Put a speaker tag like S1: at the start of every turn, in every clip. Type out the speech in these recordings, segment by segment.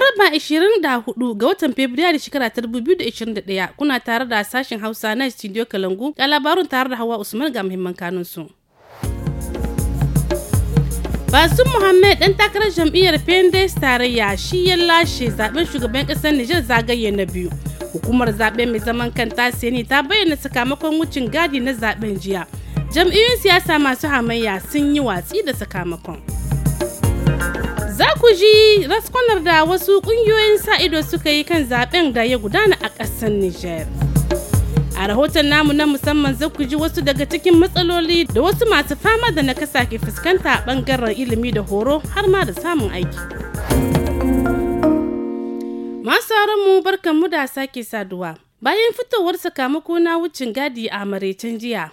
S1: Laraba 24 ga watan Fabrairu shekara 2021 kuna tare da sashen Hausa na Studio Kalangu ga labarun tare da Hawa Usman ga muhimman kanunsu. basu Muhammad ɗan takarar jam'iyyar Pendes tarayya shi ya lashe zaben shugaban ƙasar niger zagaye na biyu. Hukumar zaben mai zaman kanta Seni ta bayyana sakamakon wucin gadi na zaben jiya. Jam'iyyun siyasa masu hamayya sun yi watsi da sakamakon. za ku ji raskonar da wasu kungiyoyin sa-ido suka yi kan zaben da ya gudana a ƙasar Nijar. A rahoton namu na musamman za ku ji wasu daga cikin matsaloli da wasu masu fama da nakasa ke fuskanta a ɓangaren ilimi da horo har ma da samun aiki. Masu mu mu da sake saduwa. Bayan fitowar sakamako na wucin gadi a maraicen jiya,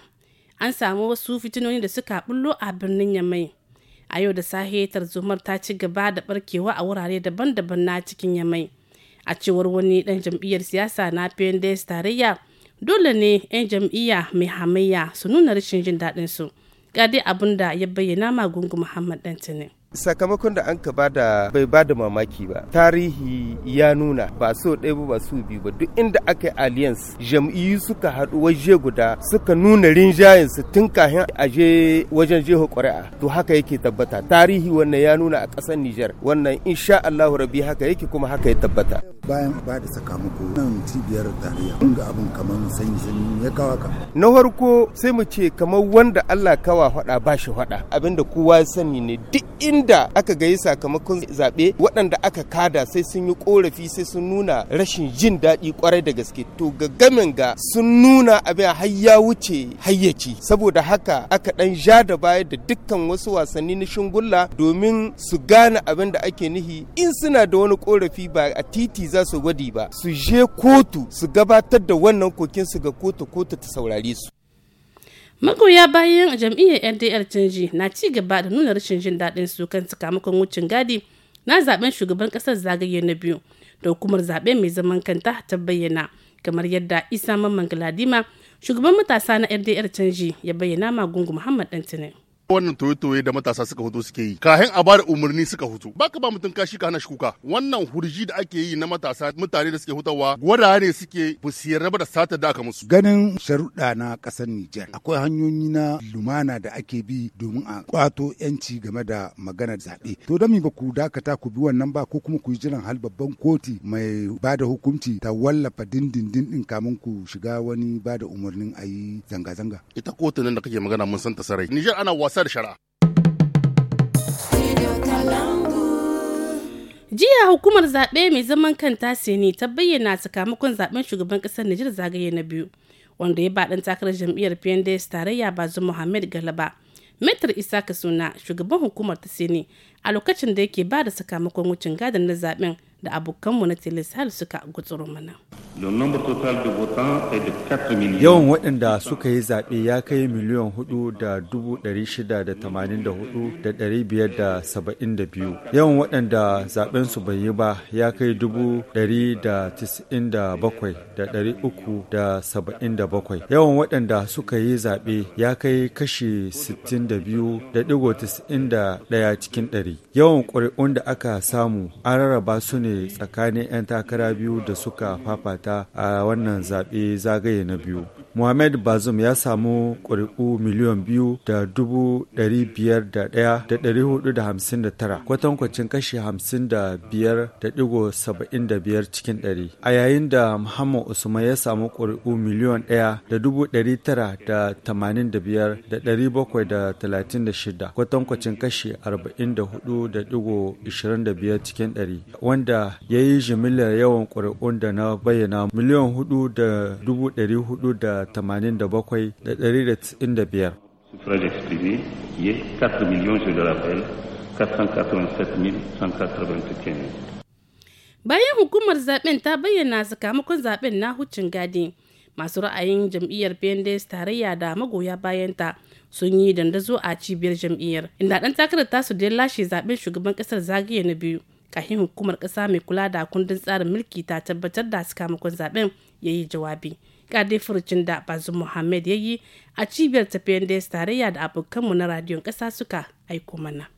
S1: an samu wasu fitinoni da suka bullo a birnin Yamai. a yau da sahe tarzomar ta ci gaba da barkewa a wurare daban-daban na cikin yamai a cewar wani dan jam'iyyar siyasa na pnds tarayya dole ne 'yan jam'iyya mai hamayya su nuna rashin jin daɗinsu su ga dai abin da ya bayyana magungu gungu muhammad dantinin
S2: sakamakon da an ka bada bai bada mamaki ba tarihi ya nuna ba so ɗaya ba ba so biyu ba duk inda aka yi alliance jam'iyyu suka haɗu waje guda suka nuna rinjayen su tun kahin a je wajen jeho ƙuri'a to haka yake tabbata tarihi wannan ya nuna a ƙasar Nijar wannan insha Allahu rabi haka yake kuma haka ya tabbata bayan ba da sakamako nan cibiyar tarayya mun ga abin kamar sanyi sanyi ya kawa ka na farko sai mu ce kamar wanda Allah kawa hada ba shi hada abinda kowa sani ne duk inda aka gayi sakamakon zaɓe waɗanda aka kada sai sun yi korafi sai sun nuna rashin jin daɗi kwarai da gaske to gaggamin ga sun nuna abin har ya wuce hayyaci saboda haka aka ɗan ja da baya da dukkan wasu wasanni na shingulla domin su gane abin da ake nihi in suna da wani korafi ba a titi za za su gwadi ba su je kotu su gabatar da wannan kokin su ga kotu kotu ta saurare su
S1: magoya bayan jam'iyyar ldr canji na ci gaba da nuna rashin jin daɗin su kan sakamakon wucin gadi na zaben shugaban kasar zagaye na biyu da hukumar zaɓe mai zaman kanta ta bayyana kamar yadda isa mamman galadima shugaban matasa na ldr canji ya bayyana ma gungu muhammad dantinin
S2: wannan toye da matasa suka hoto suke yi kahin a bada umarni suka hoto baka ba mutum kashi ka hana shi kuka wannan hurji da ake yi na matasa mutane da suke hutawa gwada ne suke raba da sata da aka musu ganin sharuɗa na ƙasar Nijar akwai hanyoyi na lumana da ake bi domin a kwato yanci game da maganar zaɓe to da ba ku dakata ku bi wannan ba ko kuma ku yi jiran hal babban koti mai bada da hukunci ta wallafa dindindin din kamun ku shiga wani bada da umarnin a yi zanga-zanga ita kotun da kake magana mun san ta sarai Nijar ana wasa kasar shara.
S1: jiya hukumar zaɓe mai zaman kanta seni ta bayyana sakamakon zaɓen shugaban ƙasar Nijar zagaye na biyu wanda ya baɗin takarar jam'iyyar PNDS tarayya bazu Muhammad Galaba. Metar Isa Kasuna shugaban hukumar ta sini a lokacin da yake ba da sakamakon wucin gadon na zaɓen da abokanmu na Telesal suka gutsuro mana.
S3: Yawan waɗanda suka yi zaɓe ya kai miliyan hudu da dubu ɗari shida da tamanin da hudu da ɗari biyar da saba'in da biyu. Yawan waɗanda zaɓen su bai yi ba ya kai dubu ɗari da tisa'in da bakwai da ɗari uku da saba'in da bakwai. Yawan waɗanda suka yi zaɓe ya kai kashi sittin da biyu da ɗigo tisa'in da ɗaya cikin ɗari. Yawan ƙuri'un da aka samu an rarraba su ne ne tsakanin 'yan takara biyu da suka fafata a wannan zaɓe zagaye na biyu Mohamed Bazoum ya samu ƙuri'u miliyan biyu da dubu ɗari biyar da ɗaya da ɗari hudu da hamsin da tara kwatankwacin kashi hamsin da biyar da ɗigo saba'in da biyar cikin ɗari. A yayin da Muhammad Usman ya samu ƙuri'u miliyan ɗaya da dubu ɗari tara da tamanin da biyar da ɗari bakwai da talatin da shida kwatankwacin kashi arba'in da hudu da ɗigo ishirin da biyar cikin ɗari wanda ya yi jimillar yawan ƙuri'un da na bayyana miliyan hudu da dubu ɗari hudu da
S2: 487,195.
S1: Bayan hukumar zaben ta bayyana sakamakon zaben na hucin gadi, masu ra'ayin jam'iyyar PNDS tarayya da magoya bayanta sun yi dandazo a cibiyar jam'iyyar, inda ɗan takarar tasu da lashe zaben shugaban ƙasar zagaye na biyu. kafin hukumar kasa mai kula da kundin tsarin mulki ta tabbatar da sakamakon zaben ya yi jawabi kade furucin da bazu muhammed ya yi a cibiyar tafiyan da tarayya da abokanmu na radiyon ƙasa suka aiko mana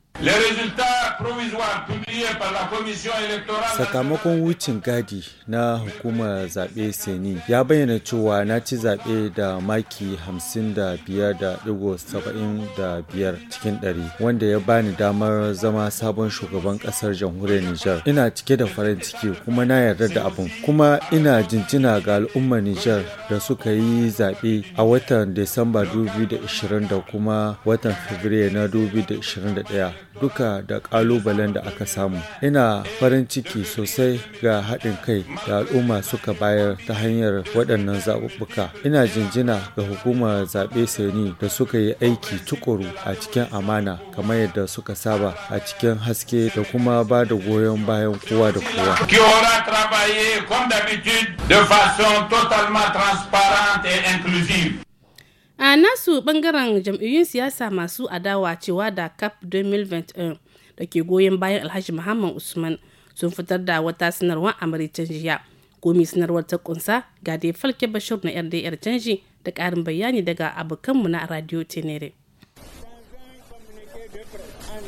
S3: Sakamakon wucin gadi na hukumar zaɓe Seni ya bayyana cewa na ci zaɓe da maki 55.75 cikin 100 wanda ya bani damar zama sabon shugaban ƙasar jamhuriyar Nijar. Ina cike da farin ciki kuma na yarda da abin. Kuma ina jinjina ga al'ummar Nijar da suka yi zaɓe a watan Disamba 2020 kuma watan Fabrairu na 2021. duka da ƙalubalen da aka samu. Ina farin ciki sosai ga haɗin kai da al'umma suka bayar ta hanyar waɗannan zaɓuɓɓuka. Ina jinjina ga hukumar zaɓe sani da suka yi aiki tukuru a cikin amana kamar yadda suka saba a cikin haske da kuma ba da goyon bayan kowa da kowa.
S2: de façon totalement transparente et inclusive.
S1: a nasu bangaren jam'iyyun siyasa masu adawa cewa da cap 2021 da ke goyon bayan alhaji muhammad usman sun fitar da wata sanarwar amurcin jiya komi sanarwar ta kunsa ga dai falke bashir na yar canji da karin bayani daga abokanmu na radio tenere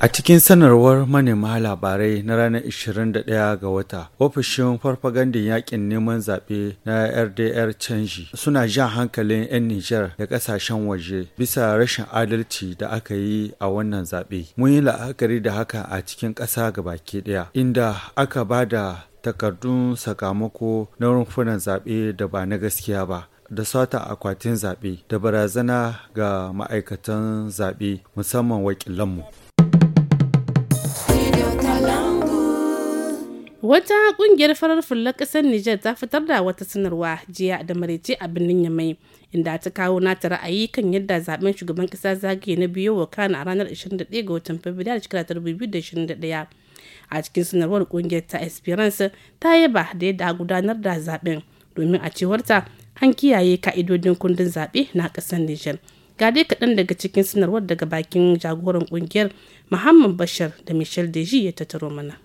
S3: A cikin sanarwar manema labarai na ranar 21 ga wata, ofishin farfagandin yakin neman zaɓe na RDR canji suna jan hankalin 'yan Nijar da ƙasashen waje bisa rashin adalci da aka yi a wannan zaɓe. Mun yi la'akari da haka a cikin ƙasa gabaki ɗaya, inda aka ba da takardun sakamako na rumfunan zaɓe da ba na gaskiya ba. da sata akwatin zaɓe da barazana ga ma'aikatan zaɓe musamman wakilanmu.
S1: Wata kungiyar farar fulla kasar Nijar ta fitar da wata sanarwa jiya da maraice a birnin Yamai inda ta kawo nata ra'ayi kan yadda zaben shugaban kasa zagaye na biyu wa kana a ranar 21 ga watan Fabrairu 2021. A cikin sanarwar kungiyar ta Esperance ta yaba da yadda gudanar da zaben domin a cewarta an kiyaye ka'idodin kundin zaɓe na ƙasar Nijar. ga dai kaɗan daga cikin sanarwar daga bakin jagoran ƙungiyar muhammad bashar da michel deji ya tattaro mana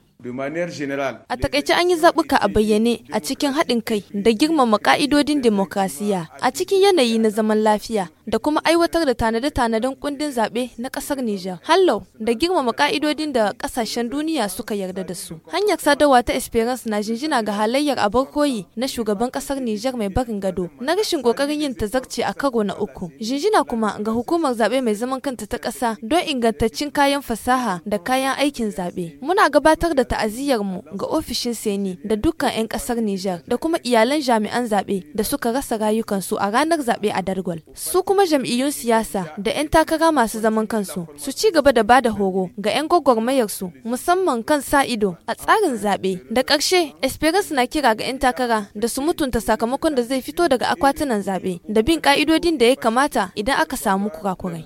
S1: A takaice an yi zaɓuka a bayyane
S4: a cikin haɗin kai da girmama ƙa'idodin demokrasiya a cikin yanayi na zaman lafiya da kuma aiwatar da tanade-tanaden kundin zaɓe na ƙasar Nijar. Hallo da girmama ƙa'idodin da ƙasashen duniya suka yarda da su. Hanyar sadarwa ta Esperance na jinjina ga halayyar abar koyi na shugaban ƙasar Nijar mai barin gado na rashin ƙoƙarin yin tazarci a karo na uku. Jinjina kuma ga hukumar zaɓe mai zaman kanta ta ƙasa don ingantaccen kayan fasaha da kayan aikin zaɓe. Muna gabatar da mu ga ofishin Seni da dukkan 'yan kasar Nijar da kuma iyalan jami'an zaɓe da suka rasa rayukansu a ranar zaɓe a Dargwal. Su kuma jam'iyyun siyasa da 'yan takara masu zaman kansu su ci gaba da bada horo ga 'yan gwagwarmayarsu musamman kan sa ido a tsarin zaɓe. Da ƙarshe, Esperance na kira ga 'yan takara da su mutunta sakamakon da zai fito daga akwatunan zaɓe da bin ƙa'idodin da ya kamata idan aka samu kurakurai.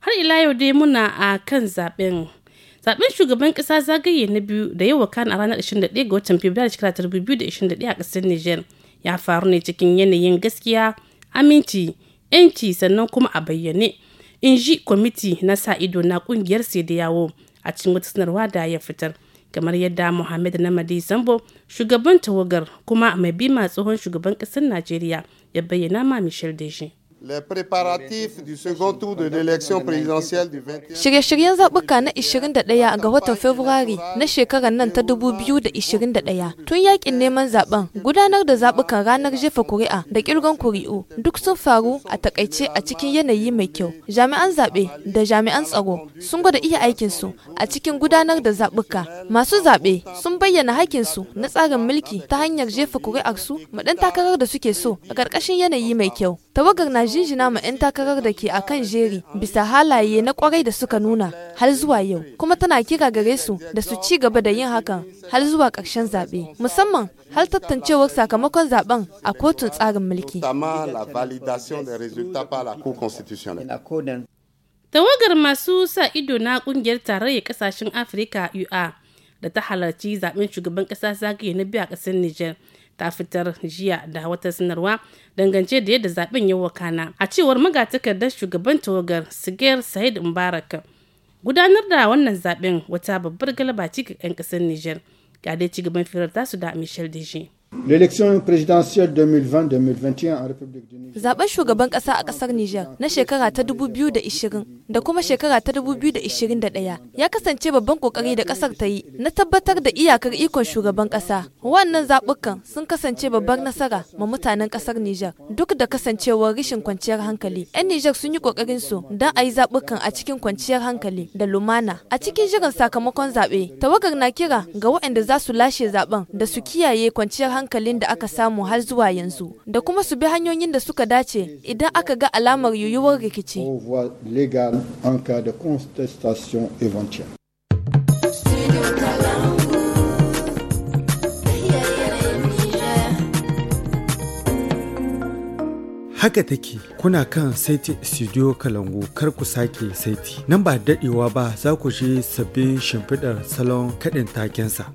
S1: Har ila yau dai muna a kan zaɓen zaben shugaban kasa zagaye na biyu da yawa kan a ranar 21 ga watan fabrairu shekara 2021 a kasar niger ya faru ne cikin yanayin gaskiya aminci yanci sannan kuma a bayyane in ji kwamiti na sa ido na kungiyar sai da yawo a cikin wata sanarwa da ya fitar kamar yadda muhammed namadi sambo shugaban tawagar kuma mai bima tsohon shugaban kasar najeriya ya bayyana ma michel deji
S4: Shirye-shiryen zaɓuka na 21 ga watan Fabrairu na shekarar nan ta 2021 tun yakin neman zaben gudanar da zaɓukan ranar jefa kuri'a da kirgon kuri'u duk sun faru a takaice a cikin yanayi mai kyau. Jami'an zaɓe da jami'an tsaro sun gwada iya aikinsu a cikin gudanar da zaɓuka. Masu zaɓe sun bayyana hakinsu na tsarin mulki ta hanyar jefa kuri'arsu maɗan takarar da suke so a ƙarƙashin yanayi mai kyau. Tawagar jinjina ma 'yan takarar da ke akan jeri bisa halaye na kwarai da suka nuna har zuwa yau kuma tana kira gare su da su ci gaba da yin hakan har zuwa ƙarshen zaɓe musamman har tattancewar sakamakon zaɓen a kotun tsarin mulki.
S1: Tawagar masu sa ido na kungiyar tarayyar kasashen Afirka UA da ta halarci zaben shugaban kasa zagaye na biyu a kasar Nijar ta fitar jiya da wata sanarwa dangance da yadda zaben ya wakana a cewar magatakardar shugaban tawagar sigar Said mubarak gudanar da wannan zaben wata babbar galaba ce ga 'yan kasar niger ga dai ci gaban firar tasu da michel deji
S4: Zaben shugaban kasa a kasar Nijar na shekara ta 2020 da kuma shekara ta 2021 ya kasance babban kokari da kasar ta yi na tabbatar da iyakar ikon shugaban kasa Wannan zaɓukan sun kasance babbar nasara ma mutanen kasar Nijar duk da kasancewar rashin kwanciyar hankali. 'Yan Nijar sun yi kokarin su don a yi zaɓukan a cikin kwanciyar hankali da lumana. A cikin jiran sakamakon zabe tawagar na kira ga waɗanda za su lashe zaben da su kiyaye kwanciyar hankali hankalin da aka samu har zuwa yanzu da kuma su bi hanyoyin da suka dace idan aka ga alamar yiwuwar rikici.
S3: Haka take kuna kan saiti studio Kalangu kar ku sake saiti. Nan ba daɗewa ba za ku je sabbin shimfiɗar salon kaɗin takensa.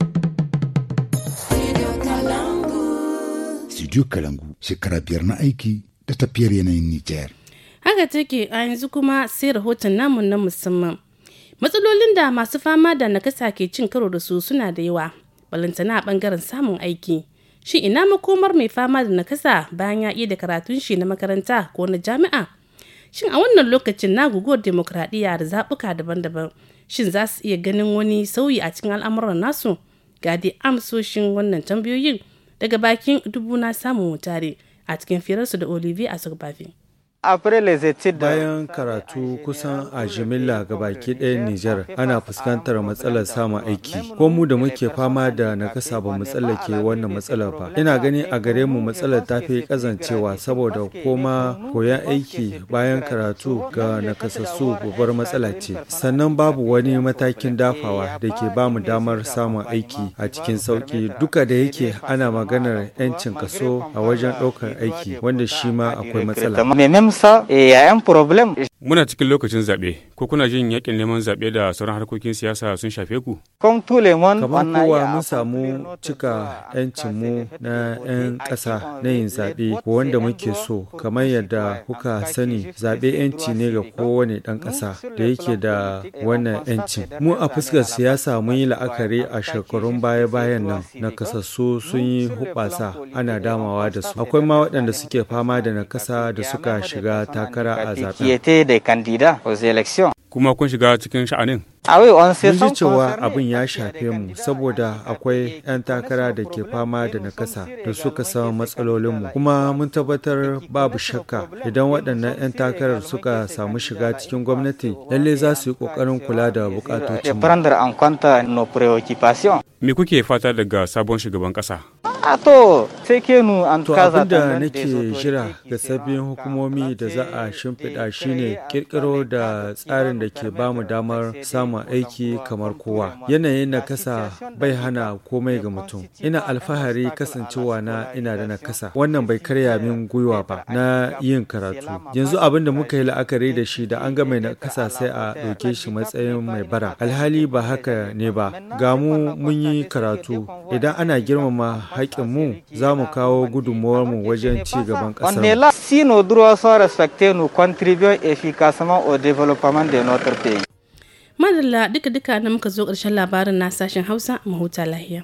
S2: radio kalangu shekara biyar na aiki da tafiyar yanayin nijar
S1: haka take a yanzu kuma sai rahoton namu na musamman matsalolin da masu fama da nakasa ke cin karo da su suna da yawa balantana a bangaren samun aiki shi ina makomar mai fama da nakasa bayan ya iya da karatun shi na makaranta ko na jami'a shin a wannan lokacin na guguwar demokradiyya da zaɓuka daban-daban shin za su iya ganin wani sauyi a cikin al'amuran nasu ga dai amsoshin wannan tambayoyin daga bakin dubu na samun wutare a cikin firarsu da olivier asogbafi
S3: Bayan karatu kusan a jimilla baki ɗaya Nijar ana fuskantar matsalar samun aiki. Ko mu da muke fama da nakasa ba mu tsallake wannan matsalar ba. Ina gani a gare mu matsalar ta fi kazancewa saboda koma koyan aiki bayan karatu ga nakasassu babbar matsala ce. Sannan babu wani matakin dafawa da ke ba mu damar samun aiki a cikin sauki duka da yake ana maganar 'yancin kaso a wajen ɗaukar aiki wanda shi ma
S2: akwai matsala. kansa eh, ya problem. Muna cikin lokacin zaɓe, ko kuna jin yakin neman zaɓe da sauran harkokin siyasa sun shafe ku?
S3: Kamar kowa mun samu cika 'yancinmu na 'yan ƙasa na yin zaɓe wanda muke so, kamar yadda kuka sani zaɓe 'yanci ne ga kowane ɗan ƙasa da yake da wannan 'yancin. Mu a fuskar siyasa mun yi la'akari a shekarun baya-bayan nan na kasassu sun yi hubasa ana damawa da su. Akwai ma waɗanda suke fama da nakasa da suka shiga shiga takara a zaben.
S2: Kuma kun shiga cikin sha'anin? Ah mun ji cewa
S3: abin ya shafe mu saboda akwai 'yan takara da ke fama da nakasa da suka samu matsalolinmu kuma mun tabbatar babu shakka idan waɗannan 'yan takarar suka samu shiga cikin gwamnati lalle za su yi ƙoƙarin kula da buƙatocin.
S2: Me kuke fata daga sabon shugaban ƙasa?
S3: To abin da nake jira ga sabbin hukumomi da za a shimfiɗa shine kirkiro da tsarin da ke bamu damar samun aiki kamar kowa. Yanayin na kasa bai hana komai ga mutum. Ina alfahari kasancewa na ina da na kasa. Wannan bai karya min gwiwa ba na yin karatu. Yanzu abin da muka yi la'akari da shi da an ga mai na kasa sai a ɗauke shi matsayin mai bara. Alhali ba haka ne ba. Ga mu mun yi karatu. Idan ana girmama haƙƙin haƙƙinmu za mu kawo gudummawar mu wajen ci gaban ƙasar. Si nos droits sont respectés, nous contribuons efficacement au développement de notre pays.
S1: Madalla duka-duka na muka zo ƙarshen labarin na sashen Hausa mahuta lahiya.